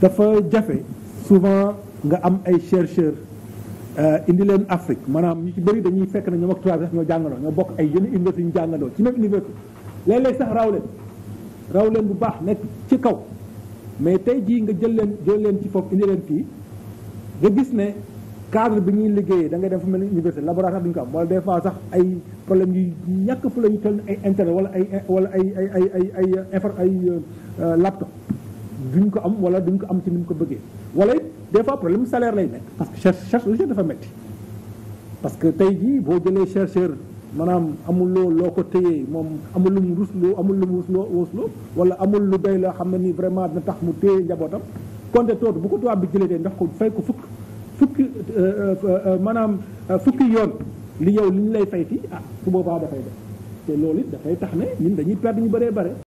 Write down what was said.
dafa jafe souvent nga am ay chercheur indi leen Afrique maanaam ñu ci bëri dañuy fekk na ñoom ak tubaab sax ñoo jàngandoo ñoo bokk ay yenn université ñu jàngandoo ci même université léeg-léeg sax raw leen raw leen bu baax nekk ci kaw mais tey jii nga jël leen jël leen ci foofu indi leen fii nga gis ne cadre bi ñuy liggéeye da ngay dem fu mel ni université laboratoire duñ ko am wala des fois sax ay problème yu ñàkk fu la ñu toll ay internet wala ay wala ay ay ay ay ay ay duñ ko am wala duñ ko am ci ni mu ko bëggee wala it des fois problème salaire lay nekk parce que cherche cherche aussi dafa metti parce que tey jii boo jëlee chercheur maanaam amuloo loo ko téyee moom amul lu mu rusloo amul lu mu rusloo rusloo wala amul lu doy loo xam ne ni vraiment dina tax mu téye njabootam konte tootu bu ko tubaab bi jëlee dee ndax ko fay ko fukk fukki euh, euh, euh, maanaam fukki yoon li yow li ñu lay fayti ah su boobaa dafay def te loolu it dafay tax ne ñun dañuy perdre ñu bëree bare